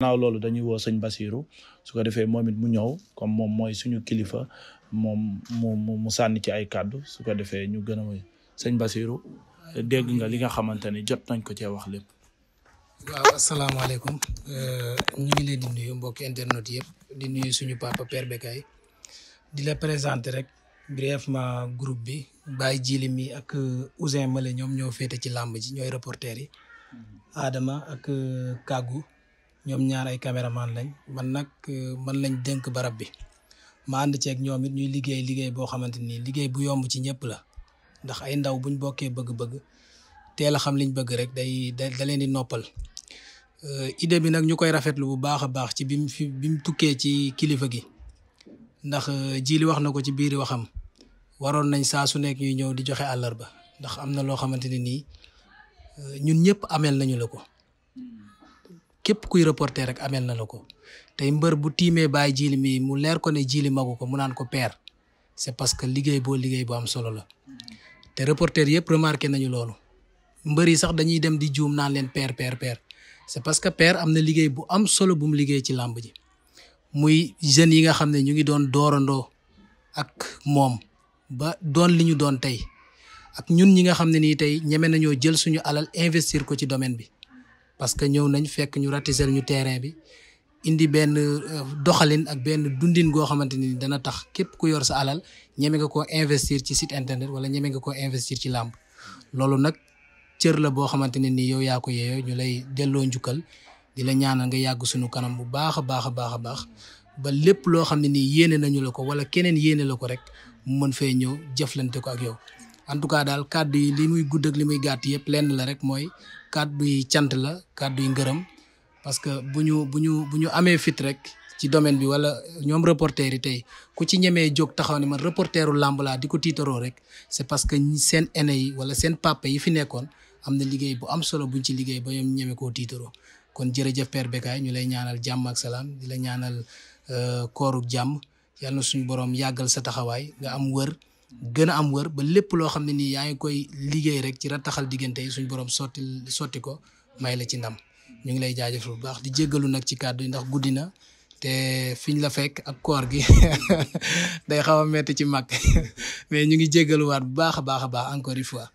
naaw loolu dañuy woo sëñ Basiru su ko defee moom it mu ñëw comme moom mooy suñu kilifa moom mu mu sànni ci ay kàddu su ko defee ñu gën a mooy sëñ Basiru dégg nga li nga xamante ne jot nañ ko cee wax lépp. waaw asalaamaaleykum euh, ñu ngi leen di nuyu mbokki internet yëpp di nuyu suñu papa Père Bécaye di la présenter rek ma groupe bi Baye Djili mi ak euh, Ousin Male ñoom ñoo féete ci làmb ji ñooy reporter yi Adama ak euh, Kaggu. ñoom ñaar ay caméraman lañ man nag euh, man lañ dënk barab bi ma ànd ceeg ñoom it ñuy liggéey liggéey boo xamante ni liggéey bu yomb ci ñëpp la ndax ay ndaw buñ bokkee bëgg-bëgg teel a xam liñ bëgg rek day da leen di noppal euh, idée bi nag ñu koy rafetlu bu baax a baax ci bi mu fi bi tukkee ci kilifa gi ndax euh, jili wax na ko ci biir waxam waroon nañ saa su nekk ñuy ñëw di joxe àllarba ndax am na loo xamante ne nii ñun ñëpp ameel nañu la ko képp kuy reporter rek amel na la ko tey mbër bu tiimee Baye Djily mii mu leer ko ne jiili magu ko mu naan ko père c'est parce que liggéey boo liggéey bu am solo la te reporter yëpp remarqué nañu loolu mbër yi sax dañuy dem di juum naan leen père père père c'est parce que père am na liggéey bu am solo bu mu liggéey ci làmb ji muy jeunes yi nga xam ne ñu ngi doon doorandoo ak moom ba doon li ñu doon tey ak ñun ñi nga xam ne nii tey ñeme nañoo jël suñu alal investir ko ci domaine bi parce que ñëw nañ fekk ñu ratisel ñu terrain bi indi benn euh, doxalin ak benn dundin goo xamante ni dana tax képp ku yor sa alal ñeme nga ko investir ci site internet wala ñeme nga koo investir ci làmb loolu nag cër la boo xamante ne nii yow yaa ko yeeyoo ñu lay delloo njukkal di la ñaanal nga yàgg suñu kanam bu baax a baax a baax a baax ba lépp loo xam ne nii yéene nañu la ko wala keneen yéene la ko rek mu mën fee ñëw jëflante ko ak yow en tout cas daal kàddu yi li muy gudd ak li muy gàtt yëpp lenn la rek mooy kàddu yi cant la kàddu yi ngërëm parce que bu ñu bu ñu bu ñu amee fit rek ci domaine bi wala ñoom reporter yi tey ku ci ñemee jóg taxaw ne man reporteru làmb laa di ko tiitaroo rek c'est parce que seen aîné yi wala seen papa yi fi nekkoon am na liggéey bu am solo buñ ci liggéey ba ñu ñeme koo tiitaroo kon jërëjëf Père ñu lay ñaanal jàmm ak salaam di la ñaanal euh, kooru jàmm yàlla na suñu borom yàggal sa taxawaay nga am wër gën a am wër ba lépp loo xam ne nii yaa ngi koy liggéey rek ci rattaxal diggante yi suñu borom sotti sotti ko may la ci ndam ñu ngi lay jaajëfal bu baax di jéggalu nag ci kàddu yi ndax guddi na te fiñ la fekk ak koor gi day xaw a metti ci mag mais ñu ngi jéggaluwaat bu baax a baax a baax encore une fois.